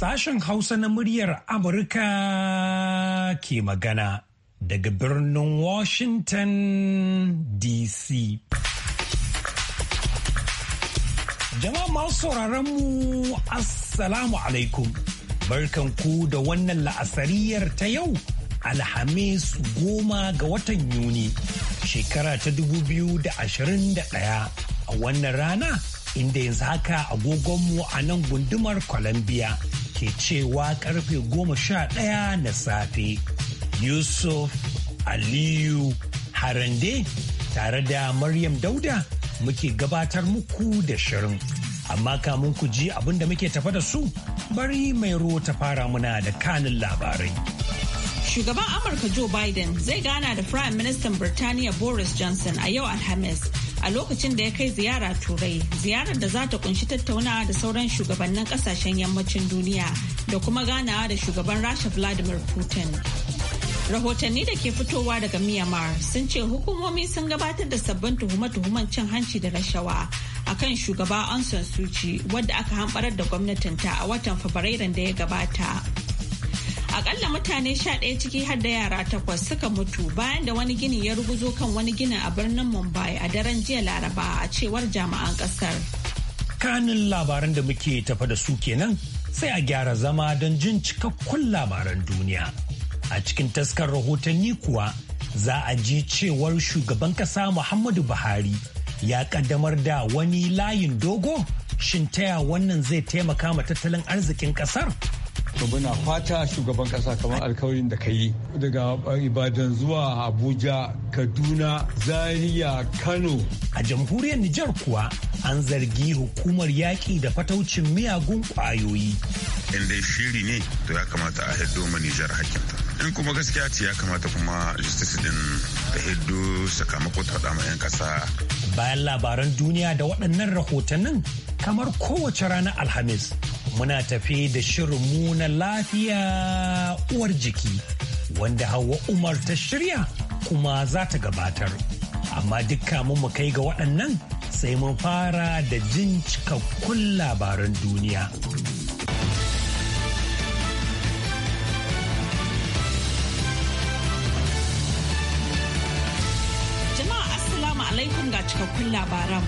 Sashen Hausa na muryar Amurka ke magana daga birnin Washington DC. Jama'a masu sauraron mu Assalamu alaikum. Barkan ku da wannan la'asariyar ta yau Alhamis goma ga watan Yuni shekara ta dubu biyu da da ashirin 2021 a wannan rana inda yanzu haka agogonmu a nan gundumar Colombia ke cewa karfe goma sha ɗaya na safe. Yusuf Aliyu Harande tare da Maryam Dauda muke gabatar muku da shirin. Amma kamun ku ji abin da muke tafa da su bari mai ta fara muna da kanin labarai. Shugaban Amurka Joe Biden zai gana da Prime Minister Birtaniya Boris Johnson a yau Alhamis a lokacin da ya kai ziyara turai ziyarar da za ta kunshi tattaunawa da sauran shugabannin kasashen yammacin duniya da kuma ganawa da shugaban rasha vladimir putin rahotanni da ke fitowa daga myanmar sun ce hukumomi sun gabatar da sabbin tuhume-tuhumen cin hanci da rashawa A kan shugaba an San Suu wadda aka hamɓarar da gwamnatinta a watan Fabrairun da ya gabata. akalla mutane sha ɗaya ciki har da yara takwas suka mutu bayan da wani gini ya ruguzo kan wani gini a birnin mumbai a daren jiya laraba a cewar jami'an ƙasar kanin labaran da muke tafa da su kenan sai a gyara zama don jin cikakkun labaran duniya a cikin taskar rahotanni kuwa za a ji cewar shugaban ƙasa muhammadu buhari ya ƙaddamar da wani layin dogo shin taya wannan zai taimaka ma tattalin arzikin ƙasar to muna fata shugaban kasa kamar alkawarin da ka yi daga ibadan zuwa abuja kaduna zaria kano a jamhuriyar nijar kuwa an zargi hukumar yaƙi da fataucin miyagun ƙwayoyi in dai shiri ne to ya kamata a haddo ma nijar hakinta in kuma gaskiya ce ya kamata kuma justice din ta haddo sakamako ta dama 'yan kasa bayan labaran duniya da waɗannan rahotannin kamar kowace rana alhamis muna tafi da shirinmu na lafiya uwar jiki wanda hawa umar ta shirya kuma za ta gabatar amma dukka mu kai ga waɗannan sai mun fara da jin cikakkun labaran duniya jama'a assalamu alaikum ga cikakkun labaran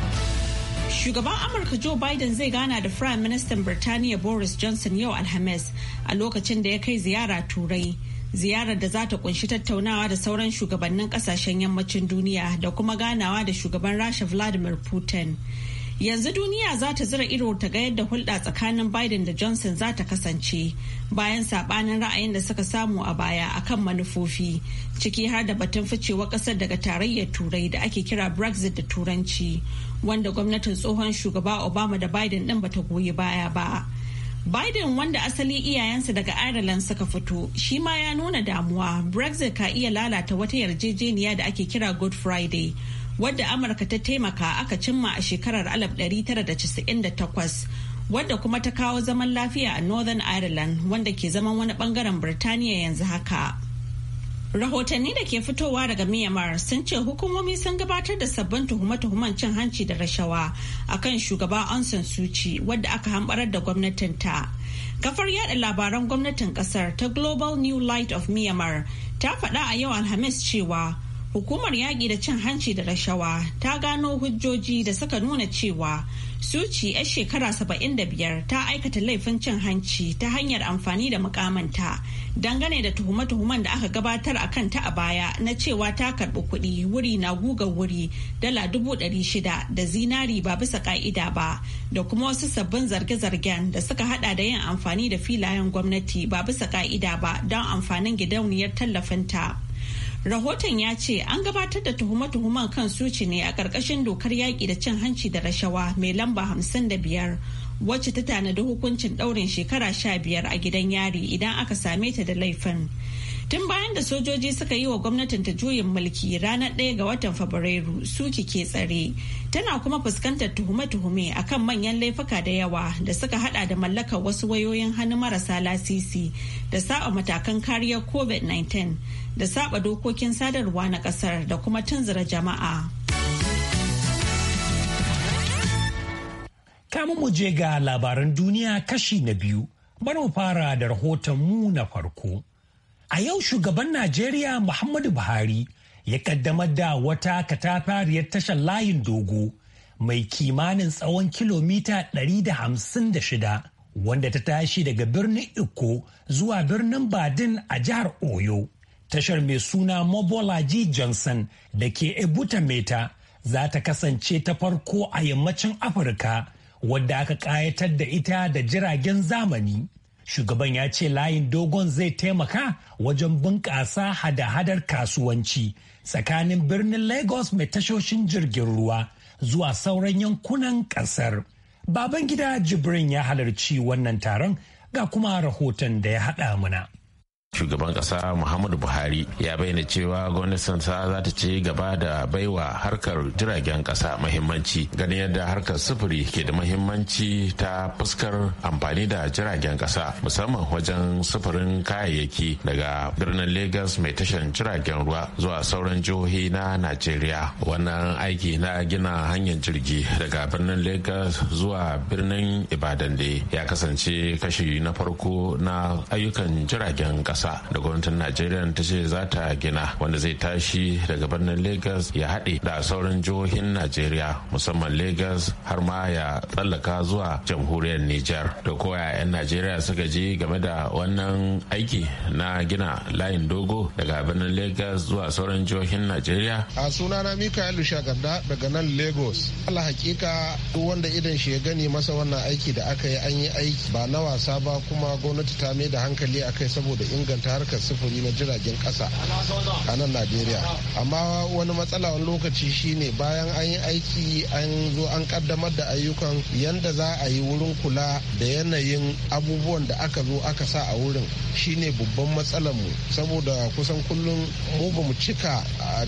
Shugaban Amurka Joe Biden zai gana da Prime Minister Birtaniya Boris Johnson yau Alhamis a lokacin da ya kai ziyara Turai. Ziyarar da za ta kunshi tattaunawa da sauran shugabannin kasashen yammacin duniya da kuma ganawa da shugaban Rasha Vladimir Putin. Yanzu duniya za ta zira ido ta ga yadda hulɗa tsakanin Biden da Johnson za ta kasance bayan saɓanin ra'ayin da suka samu a baya akan manufofi ciki har da batun ficewa ƙasar daga tarayyar turai da ake kira Brexit da turanci wanda gwamnatin tsohon shugaba obama da biden din bata goyi baya ba biden wanda asali iyayensa daga ireland suka fito shi ma ya nuna damuwa brexit ka iya lalata wata yarjejeniya da ake kira good friday wadda amurka ta taimaka aka cimma a shekarar 1998 wadda kuma ta kawo zaman lafiya a northern ireland wanda ke zaman wani bangaren birtaniya yanzu haka Rahotanni da ke fitowa daga Myanmar sun ce hukumomi sun gabatar da sabbin tuhume-tuhumen cin hanci da rashawa a kan shugaba Aung San Suu Kyi wadda aka hambarar da gwamnatinta. Kafar yada labaran gwamnatin kasar ta Global New Light of Myanmar ta faɗa a yau Alhamis cewa Hukumar yaƙi da cin hanci da rashawa ta gano hujjoji da suka nuna cewa Suci 'yar shekara 75 ta aikata laifin cin hanci ta hanyar amfani da mukamanta dangane da tuhume-tuhumen da aka gabatar a kanta a baya na cewa ta karɓi kuɗi wuri na guga wuri dala dubu ɗari shida da zinari ba bisa ka'ida ba da kuma wasu sabbin zarge-zargen da suka hada da yin amfani da filayen gwamnati ba bisa ka'ida ba don amfanin gidauniyar tallafinta. Rahoton ya ce an gabatar da tuhuma tuhumen kan suci ne a ƙarƙashin dokar yaƙi da cin hanci da rashawa mai lamba hamsin da biyar wacce ta tanadi hukuncin ɗaurin shekara sha biyar a gidan yari idan aka same ta da laifin. Tun bayan da sojoji suka yi wa gwamnatin ta juyin mulki ranar 1 ga watan Fabrairu suki ke tsare, tana kuma fuskantar tuhume-tuhume akan manyan laifuka da yawa da suka hada da mallakar wasu wayoyin hannu marasa lasisi da saba matakan kariyar COVID-19 da saba dokokin sadarwa na kasar da kuma tunzura jama'a. Kamun mu ga labaran duniya kashi na biyu, bari mu fara da rahoton mu na farko. A yau shugaban Najeriya Muhammadu Buhari ya kaddamar da wata katafariyar tashar layin dogo mai kimanin tsawon kilomita 156 wanda ta tashi daga birnin Iko zuwa birnin Badin a jihar Oyo. Tashar mai suna Mobolaji Johnson da ke Ebuta Meta za ta kasance ta farko a yammacin Afirka wadda aka ƙayatar da ita da jiragen zamani. Shugaban ya ce layin dogon zai taimaka wajen bunƙasa hada-hadar kasuwanci tsakanin birnin Lagos mai tashoshin jirgin ruwa zuwa sauran yankunan ƙasar. Babangida Jibrin ya halarci wannan taron ga kuma rahoton da ya haɗa mana. shugaban kasa muhammadu buhari ya bayyana cewa gwamnatin sa za ta ci gaba da baiwa harkar jiragen kasa mahimmanci ganin yadda harkar sufuri ke da mahimmanci ta fuskar amfani da jiragen kasa musamman wajen sufurin kayayyaki daga birnin lagos mai tashar jiragen ruwa zuwa sauran jihohi na najeriya wannan aiki na gina hanyar jirgi daga birnin lagos zuwa birnin ibadan ya kasance kashi na farko na ayyukan jiragen kasa ƙasa da gwamnatin najeriya ta ce za ta gina wanda zai tashi daga birnin lagos ya haɗe da sauran jihohin najeriya musamman lagos har ma ya tsallaka zuwa jamhuriyar niger da koya 'yan najeriya suka je game da wannan aiki na gina layin dogo daga birnin lagos zuwa sauran jihohin najeriya a sunana mikael shagarda daga nan lagos allah hakika duk wanda idan shi ya gani masa wannan aiki da aka yi an yi aiki ba na wasa ba kuma gwamnati ta mai da hankali a kai saboda inganta inganta harkar sufuri na jiragen kasa a nan najeriya amma wani matsala wani lokaci shine bayan an yi aiki an zo an kaddamar da ayyukan yanda za a yi wurin kula da yanayin abubuwan da aka zo aka sa a wurin shine babban matsalar mu saboda kusan kullum mu ba mu cika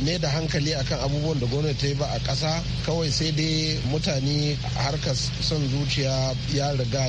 ne da hankali akan abubuwan da gwamnati ta yi ba a ƙasa kawai sai dai mutane harkar son zuciya ya riga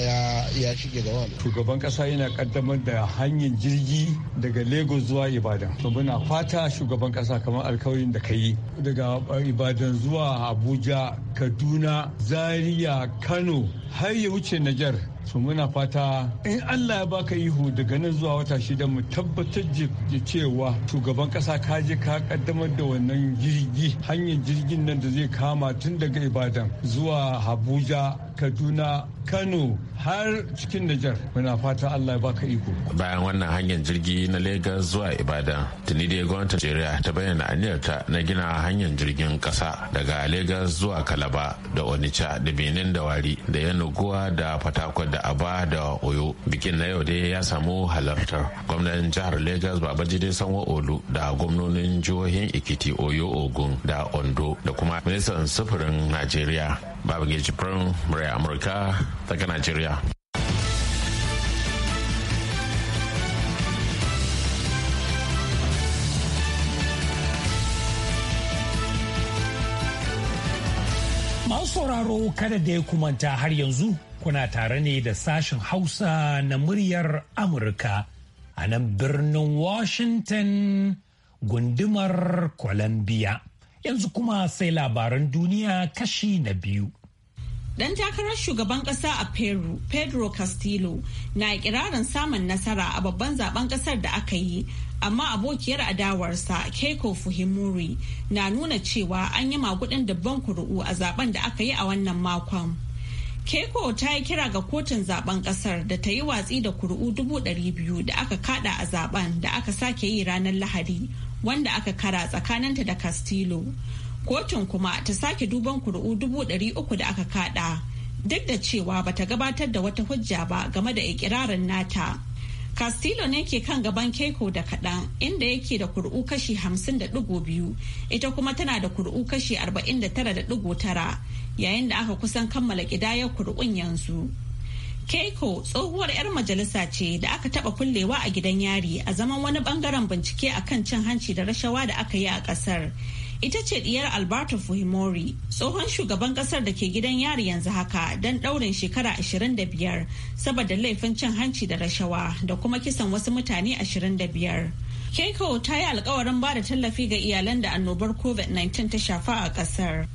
ya shige gaba shugaban ƙasa yana kaddamar da hanyar jirgi daga lagos zuwa ibadan to muna fata shugaban kasa kamar alkawarin da ka yi daga ibadan zuwa abuja kaduna zaria kano har ya wuce niger so muna fata in allah ya baka ihu daga nan zuwa wata shida mu tabbatar da cewa shugaban kasa ka je ka kaddamar da wannan jirgi hanyar jirgin nan da zai kama tun daga ibadan zuwa habuja kaduna kano har cikin Nijar muna fata Allah ya baka iko. Bayan wannan hanyar jirgi na lagos zuwa Ibadan, tuni dai gwamnatin Nigeria ta bayyana aniyarta na gina hanyar jirgin kasa daga lagos zuwa Kalaba da Onitsha da Benin da Wari da Yanuguwa da Fatakwal da aba da oyo bikin na yau dai ya samu halartar gwamnan jihar lagos babajide sanwo olu da gwamnonin jihohin ikiti oyo ogun da ondo da kuma ministan sufurin najeriya babangiji firin murai amurka daga najeriya masu sauraro kada da ya kumanta har yanzu kuna tare ne da sashen Hausa na muryar Amurka a nan birnin Washington gundumar Columbia. Yanzu kuma sai labaran duniya kashi na biyu. Dan takarar shugaban kasa a Peru, Pedro Castillo, na ikirarin samun nasara a babban zaben kasar da aka yi, amma abokiyar adawarsa Keiko Fuhimuri na nuna cewa an yi magudin dabban kuru'u a zaben da aka yi a wannan makon. Keko ta yi kira ga kotun zaben kasar da ta yi watsi da kuri'u dubu da aka kada a zaben da aka sake yi ranar Lahadi wanda aka kara tsakaninta da Castillo. Kotun kuma ta sake duban kuri'u dubu uku da aka kada duk da cewa bata gabatar da wata hujja ba game da ikirarin nata. Castillo ne ke kan gaban Keiko da kaɗan inda yake da kuri'u kashi 50.2 ita kuma tana da kuri'u kashi 49.9 yayin da aka kusan kammala ya kurkun yanzu. Keiko tsohuwar 'yar majalisa ce da aka taba kullewa a gidan yari a zaman wani bangaren bincike a kan cin hanci da rashawa da aka yi a kasar. Ita ce diyar Alberto Fuhimori tsohon shugaban kasar da ke gidan yari yanzu haka don ɗaurin shekara 25 saboda laifin cin hanci da rashawa da kuma kisan wasu mutane 25. Keiko ta yi alkawarin ba da tallafi ga iyalan da annobar COVID-19 ta shafa a kasar.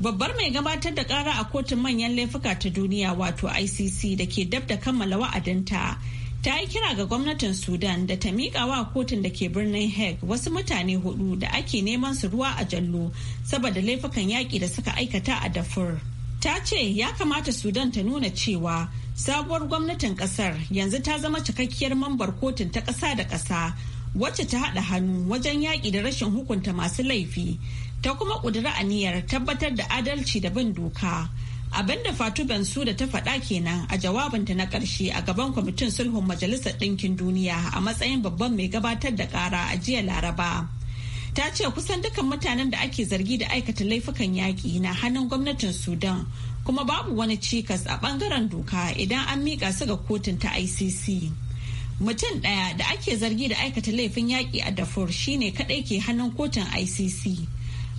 Babbar mai gabatar da kara a kotun manyan laifuka ta duniya wato ICC da ke dab da kammala wa'adinta ta yi kira ga gwamnatin Sudan da ta miƙa wa kotun da ke birnin Hague wasu mutane hudu da ake neman su ruwa a jallo saboda laifukan yaƙi da suka aikata a dafur. Ta ce ya kamata Sudan ta nuna cewa sabuwar gwamnatin ƙasar yanzu ta zama cikakkiyar mambar kotun ta ƙasa da ƙasa wacce ta haɗa hannu wajen yaƙi da rashin hukunta masu laifi ta kuma ƙudura aniyar tabbatar da adalci da bin doka abinda da fatu bensu da ta faɗa kenan a jawabinta na ƙarshe a gaban kwamitin sulhun majalisar ɗinkin duniya a matsayin babban mai gabatar da ƙara a jiya laraba ta ce kusan dukkan mutanen da ake zargi da aikata laifukan yaƙi na hannun gwamnatin sudan kuma babu wani cikas a ɓangaren doka idan an miƙa su ga kotun ta icc mutum ɗaya da ake zargi da aikata laifin yaƙi a dafur shine kaɗai ke hannun kotun icc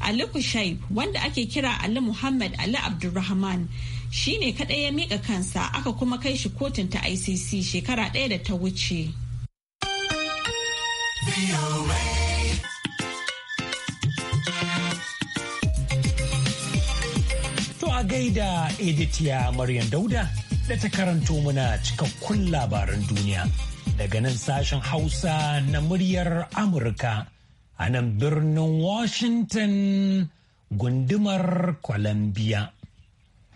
Ali Kushaib wanda ake kira Ali Muhammad Ali Abdulrahman shi ne kaɗai ya miƙa kansa aka kuma kai shi kotun ta ICC shekara ɗaya da ta wuce. To a gaida Editya Maryam Dauda da ta karanto muna cikakkun labaran duniya daga nan sashen Hausa na muryar Amurka. a nan birnin Washington gundumar Columbia.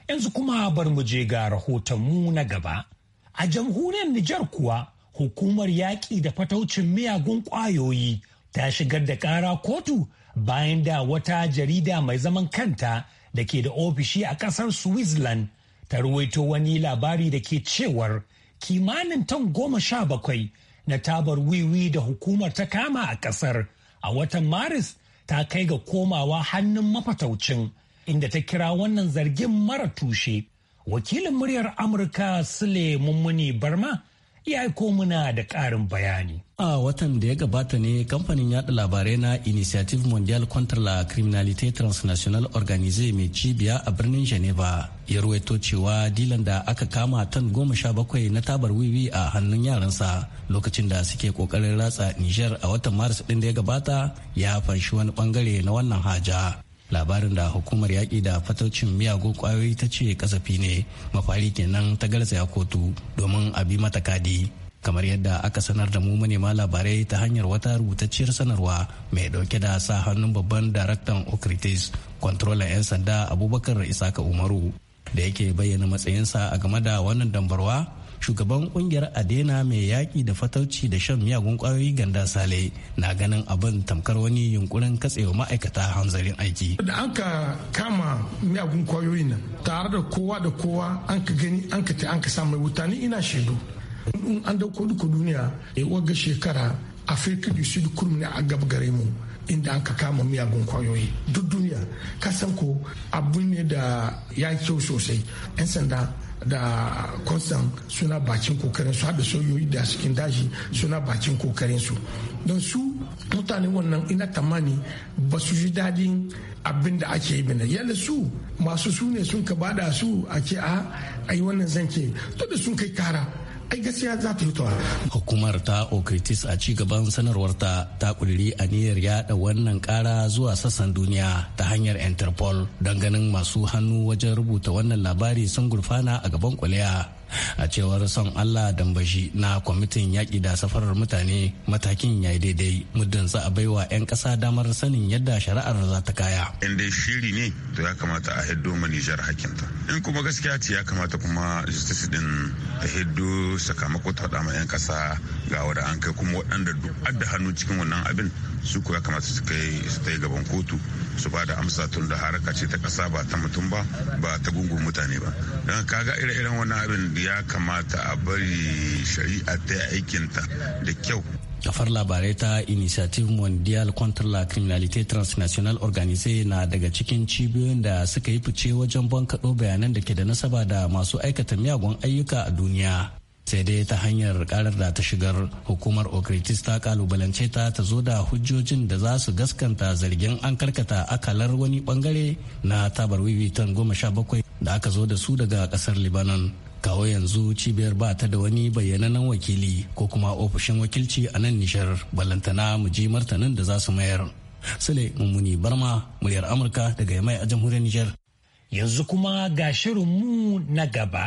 Yanzu kuma bar mu je ga rahotonmu na gaba. A jamhuriyar Nijar kuwa hukumar yaƙi da fataucin miyagun ƙwayoyi ta shigar da ƙara kotu bayan da wata jarida mai zaman kanta da ke da ofishi a ƙasar Switzerland ta ruwaito wani labari da ke cewar kimanin tan goma sha bakwai na tabar wiwi da hukumar ta kama a ƙasar. a watan maris ta kai ga komawa hannun mafataucin inda ta kira wannan zargin mara tushe wakilin muryar amurka sule mummuni barma ya yi muna da ƙarin bayani. A watan da ya gabata ne kamfanin yada labarai na Initiative Mondial Contra la Criminalité Transnational Organisé mai cibiya a birnin Geneva ya ruwaito cewa dilan da aka kama tan goma sha bakwai na tabar wiwi a hannun yaransa lokacin da suke kokarin ratsa Niger a watan Maris din da ya gabata ya fanshi wani bangare na wannan haja. labarin da hukumar yaƙi da fatocin miyagun ƙwayoyi ta ce kasafi ne mafari kenan ta garzaya kotu domin a bi mata kadi kamar yadda aka sanar da mu manema labarai ta hanyar wata rubutacciyar sanarwa mai dauke da sa hannun babban daraktan okritis kwantrolan 'yan sanda abubakar isaka umaru da yake bayyana matsayinsa a game da wannan dambarwa shugaban kungiyar adena mai yaƙi da fatauci da shan miyagun kwayoyi ganda sale na ganin abin tamkar wani yunkurin katsewa ma'aikata hanzarin aiki da an ka kama miyagun kwayoyi nan tare da kowa da kowa an ka gani an ka ta an ka samu wuta ni ina shaidu in an dauko duka duniya ya eh, waga shekara afirka da su da ne a gab gare mu inda an ka kama miyagun kwayoyi duk duniya kasan ko abu ne da ya kyau sosai 'yan sanda da constant suna bakin kokarin su haɗa soyoyi da cikin daji suna bakin kokarin su don su mutane wannan ina tamani ba su ji daɗin abin da ake yi bane yalla su masu su ne sun ka bada su a a ai wannan zanke to da sun kai kara gaskiya za ta fitowa hukumar ta okritis a ci gaban sanarwarta ta a aniyar yada wannan kara zuwa sassan duniya ta hanyar interpol don ganin masu hannu wajen rubuta wannan labari sun gurfana a gaban kwalliya. a cewar son allah dambashi na kwamitin yaƙi da safarar mutane matakin ya yi daidai muddin za a baiwa 'yan ƙasa damar sanin yadda shari'ar za ta kaya in dai shiri ne to ya kamata a hiddo ma nijar hakinta in kuma gaskiya ce ya kamata kuma justice din a hiddo sakamako ta ma 'yan ƙasa ga wadda an kai kuma waɗanda duk adda hannu cikin wannan abin su ya kamata su kai su ta gaban kotu su ba da amsa tun da haraka ce ta kasa ba ta mutum ba ba ta gungun mutane ba don kaga ire-iren wani abin da ya kamata a bari shari'a ta aikinta da kyau kafar labarai ta initiative mondial contre la criminalité transnational organisée na daga cikin cibiyoyin da suka yi fice wajen bankaɗo bayanan da ke da nasaba da masu aikata miyagun ayyuka a duniya sai dai ta hanyar karar da ta shigar hukumar okritis ta kalubalance ta ta zo da hujjojin da za su gaskanta zargin an karkata akalar wani bangare na tabar wiwitan goma sha bakwai da aka zo da su daga kasar libanon kawo yanzu cibiyar ba ta da wani bayyananan wakili ko kuma ofishin wakilci a nan nishar balantana mu ji martanin da za su mayar sule mummuni barma muryar amurka daga yamai a jamhuriyar nijar yanzu kuma ga shirinmu na gaba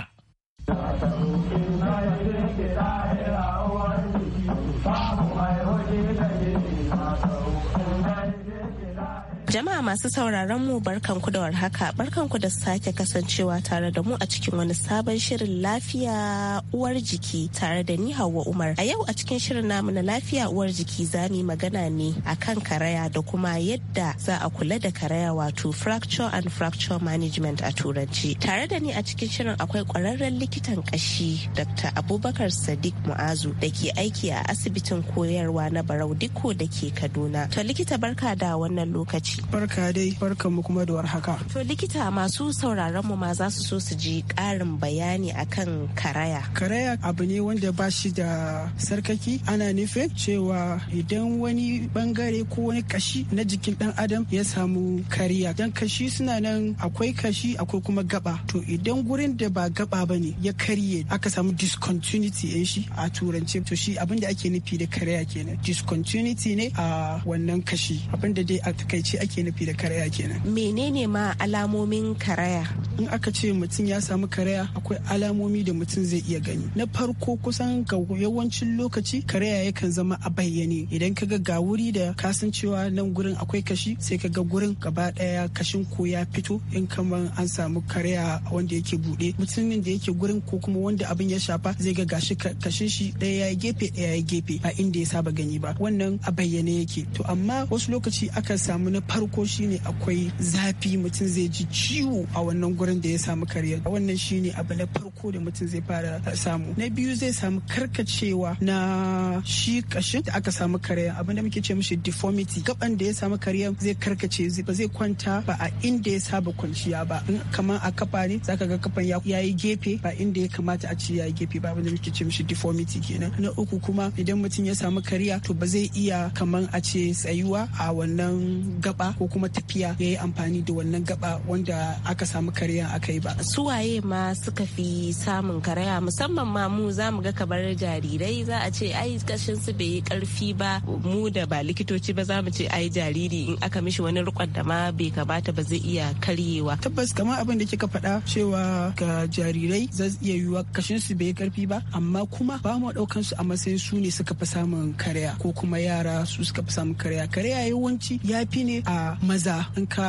Jama'a masu sauraron mu barkan barkanku da warhaka ku da sake kasancewa tare da mu a cikin wani sabon shirin lafiya uwar jiki tare da ni Hauwa Umar. A yau a cikin shirin namu na lafiya uwar jiki za mu magana ne akan karaya da kuma yadda za a kula da karaya wato fracture and fracture management a turanci. Tare da ni a cikin shirin akwai kwararren likitan kashi Dr. Abubakar Sadiq Mu'azu da ke aiki a asibitin koyarwa na Barau Dikko da ke Kaduna. To likita barka da wannan lokaci. Barka dai, barka mu kuma da warhaka. To likita masu sauraron mu ma za su so su ji ƙarin bayani akan karaya. Karaya abu ne wanda ba shi da sarkaki ana nufin cewa idan wani bangare ko wani kashi na jikin ɗan adam ya samu kariya. Dan kashi suna nan akwai kashi akwai kuma gaba. To idan gurin da ba gaba ba ne ya karye aka samu discontinuity in shi a turance to shi abin da ake nufi da karaya kenan. Discontinuity ne a wannan kashi abin da dai a takaice ake ake nufi da karaya kenan menene ma alamomin karaya in aka ce mutum ya samu karaya akwai alamomi da mutum zai iya gani na farko kusan ga yawancin lokaci karaya yakan zama a bayyane idan ka ga ga wuri da cewa nan gurin akwai kashi sai ka ga gurin gaba daya kashin ko ya fito in kamar an samu karaya wanda yake bude mutumin da yake gurin ko kuma wanda abin ya shafa zai ga gashi kashin shi daya ya gefe daya ya gefe ba inda ya saba gani ba wannan a bayyane yake to amma wasu lokaci aka samu na farko shine akwai zafi mutum zai ji ciwo a wannan gurin da ya samu karya wannan shine abu na farko da mutum zai fara samu na biyu zai samu karkacewa na shi kashin da aka samu karya abu da muke ce mishi deformity gaban da ya samu karya zai karkace ba zai kwanta ba a inda ya saba kwanciya ba kamar a kafa ne zaka ga kafan ya yi gefe ba inda ya kamata a ce ya yi gefe ba wanda muke ce mishi deformity kenan na uku kuma idan mutum ya samu karya to ba zai iya kamar a ce tsayuwa a wannan gaba gaba ko kuma tafiya ya yi amfani da wannan gaba wanda aka samu karya aka yi ba suwaye ma suka fi samun karaya musamman ma mu za mu ga kamar jarirai za a ce ai kashin su bai yi karfi ba mu da ba likitoci ba za mu ce ai jariri in aka mishi wani rikon da ma bai kamata ba zai iya karyewa tabbas kamar abin da kika faɗa cewa ga jarirai za su iya yiwuwa kashin su bai yi karfi ba amma kuma ba mu ɗaukan su a matsayin su ne suka fi samun karaya ko kuma yara su suka fi samun karaya karaya yawanci ya fi ne a a maza in ka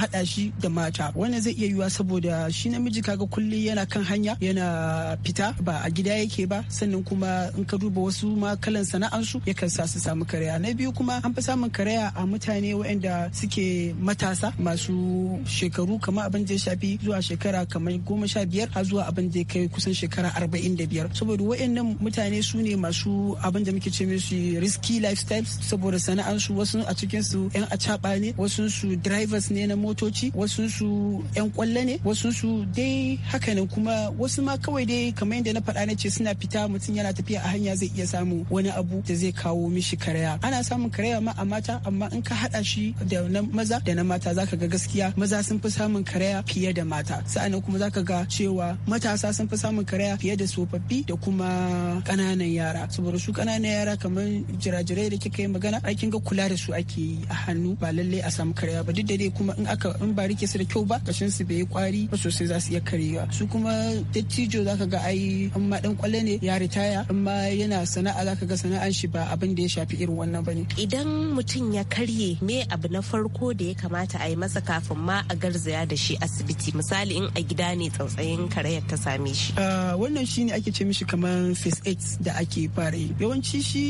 haɗa shi da mata wannan zai iya yiwuwa saboda shi namiji kaga kulli yana kan hanya yana fita ba a gida yake ba sannan kuma in ka duba wasu ma kalan sana'ansu yakan sa su samu karaya na biyu kuma an fi samun karaya a mutane waɗanda suke matasa masu shekaru kamar abin da ya shafi zuwa shekara kamar goma sha biyar har zuwa abin da ya kai kusan shekara arba'in da biyar saboda waɗannan mutane su ne masu abin da muke ce musu risky lifestyles saboda sana'ansu wasu a cikinsu 'yan acaɓa matuƙa ne wasu su drivers ne na motoci wasu su yan kwallo ne wasu su dai haka ne kuma wasu ma kawai dai kamar yadda na faɗa na ce suna fita mutum yana tafiya a hanya zai iya samu wani abu da zai kawo mishi karaya ana samun karaya ma a mata amma in ka haɗa shi da na maza da na mata zaka ga gaskiya maza sun fi samun karaya fiye da mata sa'annan kuma zaka ga cewa matasa sun fi samun karaya fiye da tsofaffi da kuma ƙananan yara saboda su ƙananan yara kamar jirajirai da kika yi magana aikin ga kula da su ake yi a hannu ba lalle a samu karya ba duk da dai kuma in aka in ba rike su da kyau ba kashin su bai kwari ba sosai za su iya karewa su kuma dattijo zaka ga ai in ma dan kwalle ne ya ritaya in yana sana'a zaka ga sana'an shi ba abin da ya shafi irin wannan bane idan mutum ya karye me abu na farko da ya kamata a yi masa kafin ma a garzaya da shi asibiti misali in a gida ne tsautsayin karayar ta same shi ah, wannan shine ake ce mishi kamar face aid da ake fara yawanci shi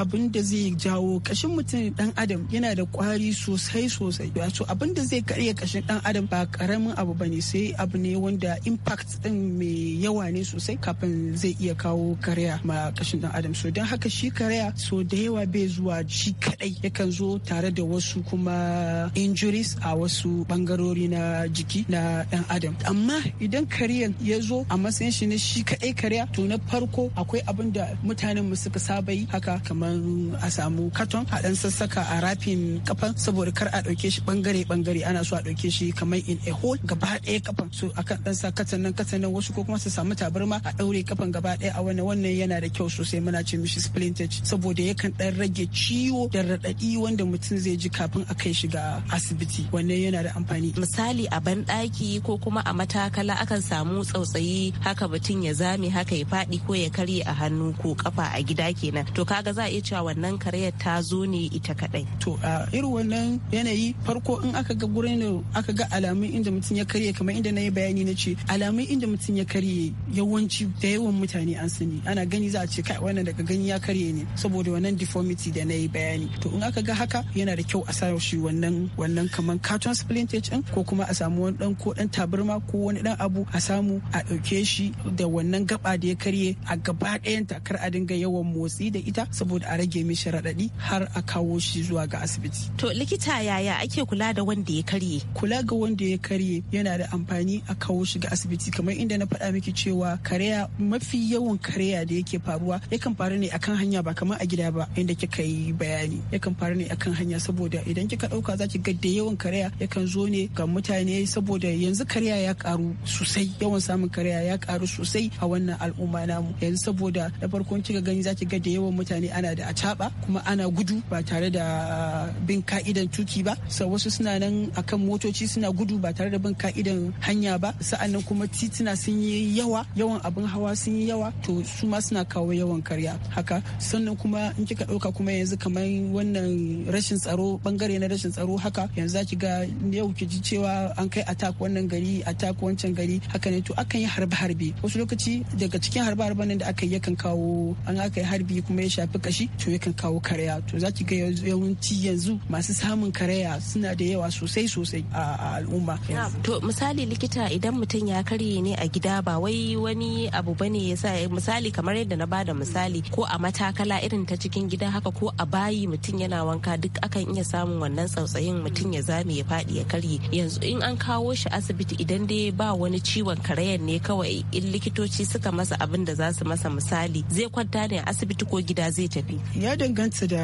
abin da zai jawo kashin mutum dan adam yana da kwari so sosai sosai wato abin da zai karya kashin dan adam ba karamin abu bane sai abu ne wanda impact din mai yawa ne sosai kafin zai iya kawo karya ma kashin dan adam so don haka shi karya so da yawa bai zuwa shi kadai yakan zo tare da wasu kuma injuries a wasu bangarori na jiki na dan adam amma idan karyan ya zo a matsayin shi ne shi kadai karya to na farko akwai abin da mutanen mu suka saba yi haka kamar a samu katon a dan sassaka a rafin kafan saboda saboda kar a ɗauke shi bangare-bangare ana so a ɗauke shi kamar in a hole gaba ɗaya kafan so akan ɗan sa katan nan katan nan wasu ko kuma su samu tabarma a ɗaure kafan gaba ɗaya a wannan wannan yana da kyau sosai muna ce mishi splinter saboda yakan ɗan rage ciwo da raɗaɗi wanda mutum zai ji kafin a kai shi ga asibiti wannan yana da amfani. Misali a banɗaki ko kuma a matakala akan samu tsautsayi haka mutum ya zame haka ya faɗi ko ya karye a hannu ko kafa a gida kenan to kaga za a iya cewa wannan karyar ta zo ne ita kaɗai. To a irin wannan yanayi farko in aka ga gurin da aka ga alamun inda mutum ya karye kamar inda na yi bayani na ce alamun inda mutum ya karye yawanci da yawan mutane an sani ana gani za a ce kai wannan daga gani ya karye ne saboda wannan deformity da na yi bayani to in aka ga haka yana da kyau a sa shi wannan wannan kamar carton splintage din ko kuma a samu wani dan ko dan tabarma ko wani dan abu a samu a dauke shi da wannan gaba da ya karye a gaba ɗayan takar a dinga yawan motsi da ita saboda a rage mishi raɗaɗi har a kawo shi zuwa ga asibiti to likita likita yaya ake kula da wanda ya karye kula ga wanda ya karye yana da amfani a kawo shi ga asibiti kamar inda na faɗa miki cewa karya mafi yawan karya da yake faruwa yakan faru ne akan hanya ba kamar a gida ba inda kika yi bayani yakan faru ne akan hanya saboda idan kika ɗauka zaki ki ga da yawan karya yakan zo ne ga mutane saboda yanzu karya ya karu sosai yawan samun karya ya karu sosai a wannan al'umma namu yanzu saboda da farko kika gani zaki ki ga da yawan mutane ana da acaba kuma ana gudu ba tare da ah, bin ka'idan wannan tuki ba sa wasu suna nan akan motoci suna gudu ba tare da bin ka'idan hanya ba sa'annan kuma tituna sun yi yawa yawan abin hawa sun yi yawa to su ma suna kawo yawan karya haka sannan kuma in kika ɗauka kuma yanzu kamar wannan rashin tsaro bangare na rashin tsaro haka yanzu ki ga yau ki ji cewa an kai attack wannan gari attack wancan gari haka ne to akan yi harbe-harbe wasu lokaci daga cikin harbe harbe nan da aka yi yakan kawo an aka yi harbi kuma ya shafi kashi to yakan kawo karya to za ki ga yawanci yanzu masu samun samun karaya suna da yawa sosai sosai a al'umma to misali likita idan mutum ya karye ne a gida ba wai wani abu bane yasa misali kamar yadda na bada misali ko a matakala irin ta cikin gida haka ko a bayi mutum yana wanka duk akan iya samun wannan tsautsayin mutum ya zame ya faɗi ya karye yanzu in an kawo shi asibiti idan dai ba wani ciwon karayan ne kawai in likitoci suka masa abin da za su masa misali zai kwanta ne asibiti ko gida zai tafi ya danganta da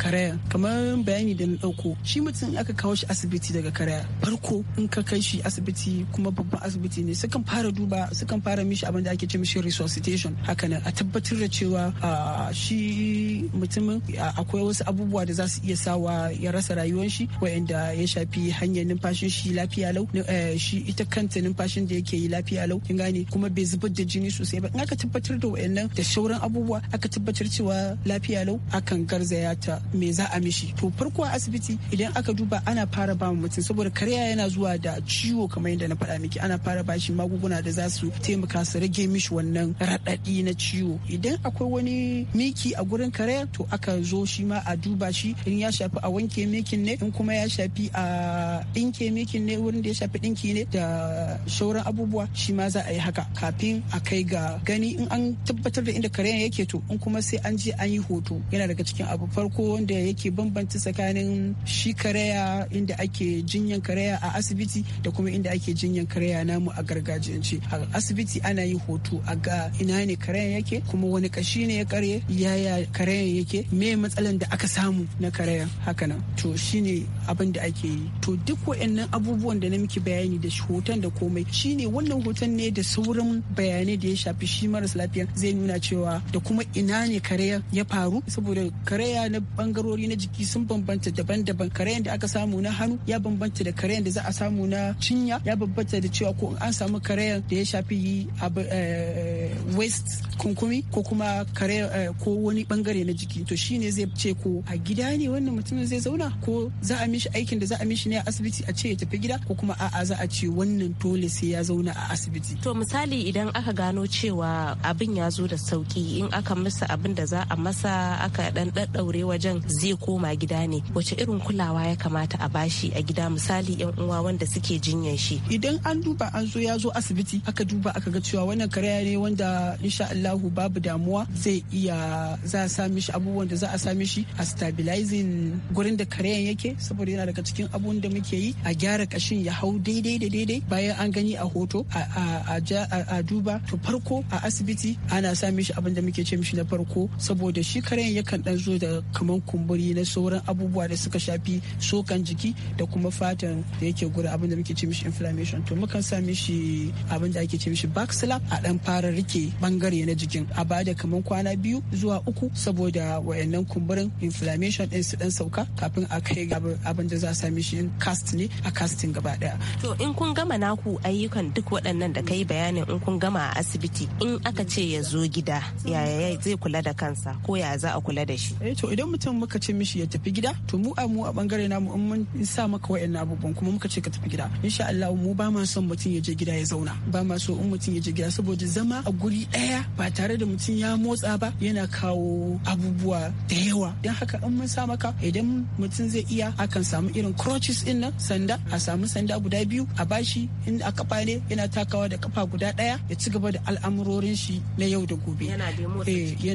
karayan kamar bayani da na ɗauko shi mutum aka kawo shi asibiti daga karaya farko in ka kai shi asibiti kuma babban asibiti ne sukan fara duba sukan fara mishi abin ake ce mishi resuscitation haka nan a tabbatar da cewa shi mutumin akwai wasu abubuwa da za su iya sawa ya rasa rayuwar shi wayanda ya shafi hanyar numfashin shi lafiya lau eh, shi ita kanta numfashin da yake yi lafiya lau kin gane kuma bai zubar da jini sosai ba in aka tabbatar da wayannan da shauran abubuwa aka tabbatar cewa lafiya lau akan garzaya ta me za a mishi to farko a asibiti idan aka duba ana fara ba mutum saboda karya yana zuwa da ciwo kamar yadda na faɗa miki ana fara ba shi magunguna da za su taimaka su rage mishi wannan raɗaɗi na ciwo idan akwai wani miki a gurin kare to aka zo shi ma a duba shi in ya shafi a wanke mikin ne in kuma ya shafi a ɗinke mikin ne wurin da ya shafi ɗinki ne da sauran abubuwa shi ma za a yi haka kafin a kai ga gani in an tabbatar da inda karen yake to in kuma sai an je an yi hoto yana daga cikin abu farko wanda yake bambanci tsakanin shi karaya inda ake jinyan karaya a asibiti da kuma inda ake jinyan karaya namu a gargajiyance a asibiti ana yi hoto a ga ina ne karayan yake kuma wani kashi ne ya kare yaya karayan yake me matsalan da aka samu na karaya haka nan to shine abin da ake yi to duk waɗannan abubuwan da na miki bayani da hoton da komai shine wannan hoton ne da sauran bayanai da ya shafi shi maras lafiya zai nuna cewa da kuma ina ne karaya ya faru saboda karaya na bangarori na jiki sun bambanta daban-daban karen da aka samu na hannu ya bambanta da karen da za a samu na cinya ya bambanta da cewa ko an samu karen da ya shafi eh, west kunkumi ko kuma kare eh, ko wani bangare na jiki to shine zai ce ko a gida ne wannan mutumin zai zauna ko za a mishi aikin da za a mishi ne a asibiti a ce ya tafi gida ko kuma a'a za a ce wannan dole sai ya zauna a asibiti to misali idan aka gano cewa abin ya zo da sauki in aka masa abin da za a masa aka dan daddaure wajen zai koma gida ne wace irin kulawa ya kamata a bashi a gida misali yan uwa wanda suke jinyar shi idan an duba an zo ya zo asibiti aka duba aka ga cewa wannan karaya ne wanda insha Allahu babu damuwa zai iya za a sami shi abubuwan da za a sami shi a stabilizing gurin da karayan yake saboda yana daga cikin abun da muke yi a gyara kashin ya hau daidai da daidai bayan an gani a hoto a duba to farko a asibiti ana sami shi abin da muke ce mishi na farko saboda shi karayan yakan dan zo da kaman kumburi na sauran abubuwa da suka shafi sokan jiki da kuma fatan da yake gura abin da muke ce mishi inflammation to mukan sa mishi abinda ake ce mishi back slap a dan fara rike bangare na jikin a bada kaman kwana biyu zuwa uku saboda wayannan kumburin inflammation din su dan sauka kafin a kai abin da za sa mishi in cast ne a casting gaba daya to in kun gama naku ayyukan duk waɗannan da kai bayanin in kun gama a asibiti in aka ce ya zo gida yaya zai kula da kansa ko ya za a kula da shi eh to idan mutum muka ce mishi ya tafi gida to mu a mu mu a bangare namu in mun sa maka na abubuwan kuma muka ce ka tafi gida insha Allah mu ba ma son mutum ya je gida ya zauna ba ma so in mutum ya je gida saboda zama a guri ɗaya ba tare da mutum ya motsa ba yana kawo abubuwa da yawa don haka in mun sa maka idan mutum zai iya akan samu irin crutches din nan sanda a samu sanda guda biyu a bashi in a kafa ne yana takawa da kafa guda ɗaya ya ci gaba da al'amurorin shi na yau da gobe yana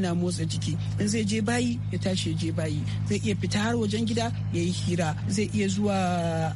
eh, motsa jiki in zai je bayi ya tashi je bayi zai iya fita har wajen gida ya yi hira zai iya zuwa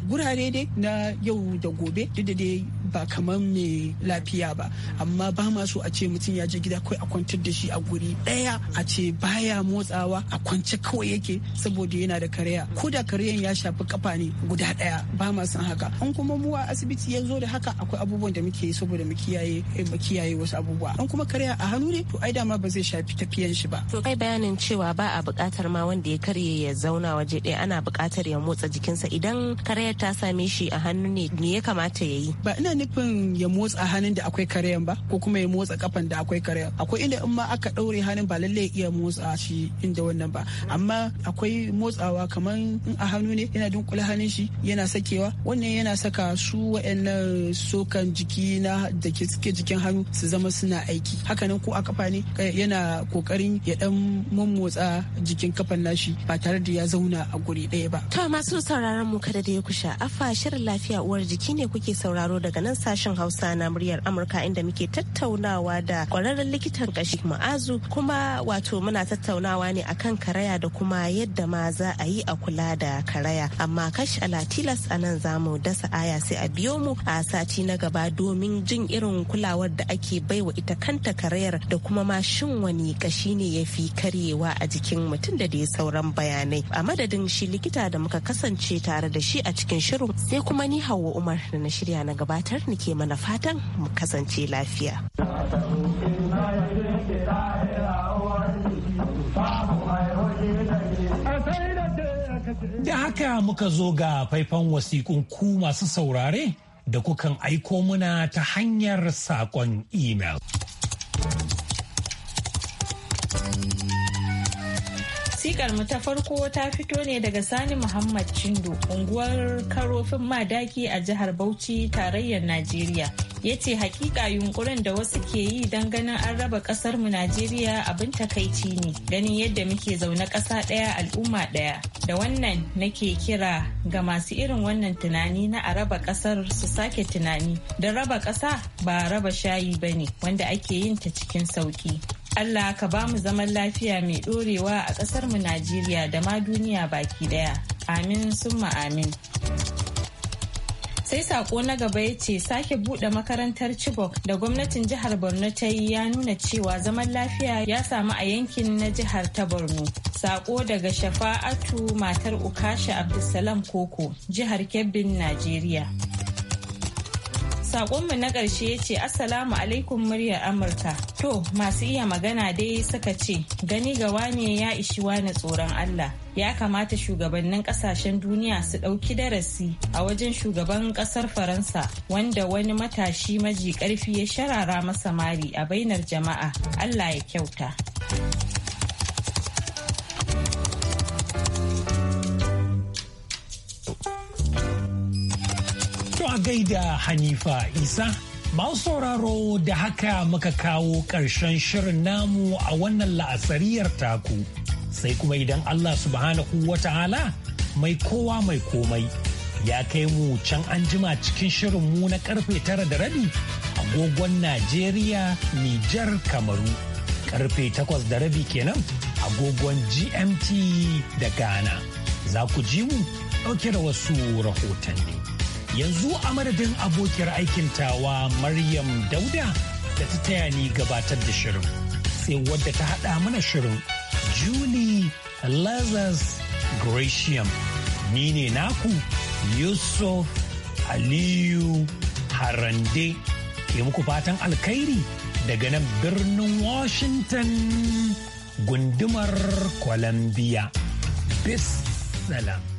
gurare dai na yau da gobe duk da dai ba kamar mai lafiya ba amma ba ma so a ce mutum ya je gida kawai a kwantar da shi a guri daya a ce baya motsawa a kwance kawai yake saboda yana da karaya ko da karayan ya shafi kafa ne guda daya ba ma san haka an kuma mu a asibiti ya zo da haka akwai abubuwan da muke yi saboda mu kiyaye mu kiyaye wasu abubuwa an kuma karya a hannu ne to ai dama ba zai shafi tafiyan shi ba to kai bayanin cewa ba a buƙatar ma wanda ya karye ya zauna waje ɗaya ana bukatar ya motsa jikinsa idan karayar ta same shi a hannu ne me ya kamata ya yi ba ina nufin ya motsa hannun da akwai karyan ba ko kuma ya motsa kafan da akwai karyan akwai inda in ma aka ɗaure hannun ba lallai iya motsa shi inda wannan ba amma akwai motsawa kamar in a hannu ne yana dunkula hannun shi yana sakewa wannan yana saka su wa'annan sokan jiki na da ke suke jikin hannu su zama suna aiki hakanan ko a kafa ne eh, yana kokarin ya dan mummotsa jikin kafan nashi ba tare da ya zauna a guri ɗaya ba. To masu sauraron mu kada da ya kusha afa shirin lafiya uwar jiki ne kuke sauraro daga nan nan sashen Hausa na muryar Amurka inda muke tattaunawa da kwararren likitan kashi Ma'azu kuma wato muna tattaunawa ne akan karaya da kuma yadda ma za a yi a kula da karaya amma kash tilas a nan za mu dasa aya sai a biyo mu a sati na gaba domin jin irin kulawar da ake baiwa ita kanta karayar da kuma ma shin wani kashi ne ya fi karyewa a jikin mutum da dai sauran bayanai a madadin shi likita da muka kasance tare da shi a cikin shirin sai kuma ni hawa umar da na shirya na gabatar Tahir nike mana fatan mu kasance lafiya. Da haka muka zo ga faifan wasiƙun ku masu saurare da kukan aiko muna ta hanyar saƙon imel. Wasikar mu ta farko ta fito ne daga Sani Muhammad Chindo, unguwar Karofin Madaki a jihar Bauchi, tarayyar Najeriya. Ya ce hakika yunkurin da wasu ke yi don ganin an raba kasar mu Najeriya abin takaici ne, ganin yadda muke zaune ƙasa ɗaya al'umma ɗaya. Da wannan nake kira ga masu irin wannan tunani na a raba ƙasar su sake tunani. Don raba ƙasa ba raba shayi ba ne wanda ake yin ta cikin sauki. Allah ka ba mu zaman lafiya mai ɗorewa a ƙasar mu Najeriya da ma duniya baki ɗaya. Amin summa amin. Sai sako na gaba ya ce sake buɗe makarantar Chibok da gwamnatin jihar Borno ta yi ya nuna cewa zaman lafiya ya samu a yankin na jihar ta Borno. Sako daga Shafa'atu matar Ukasha Abdulsalam Koko, jihar Kebbin, Najeriya. Sakonmu na ƙarshe ya ce Assalamu alaikum muryar Amurka. To masu iya magana dai suka ce gani ga wane ya ishi wani tsoron Allah. Ya kamata shugabannin ƙasashen duniya su ɗauki darasi a wajen shugaban ƙasar Faransa wanda wani matashi maji ƙarfi ya sharara masa mari a bainar jama'a. Allah ya kyauta. a gaida Hanifa Isa. Masu sauraro da haka muka kawo ƙarshen shirin namu a wannan la'asariyar taku. Sai kuma idan Allah subhanahu wa ta'ala mai kowa mai komai ya kai mu can an jima cikin shirin mu na karfe tara da rabi agogon Najeriya, Nijar, Kamaru. Karfe takwas da rabi kenan agogon GMT da Ghana. Za ku ji mu ɗauke da wasu rahotanni. yanzu a madadin abokiyar aikin tawa maryam dauda da ta taya ni gabatar da shirin sai wadda ta haɗa mana shirin julie lazarus gratium ni ne naku yusuf aliyu harande ke muku fatan alkhairi daga nan birnin washington gundumar columbia bis salam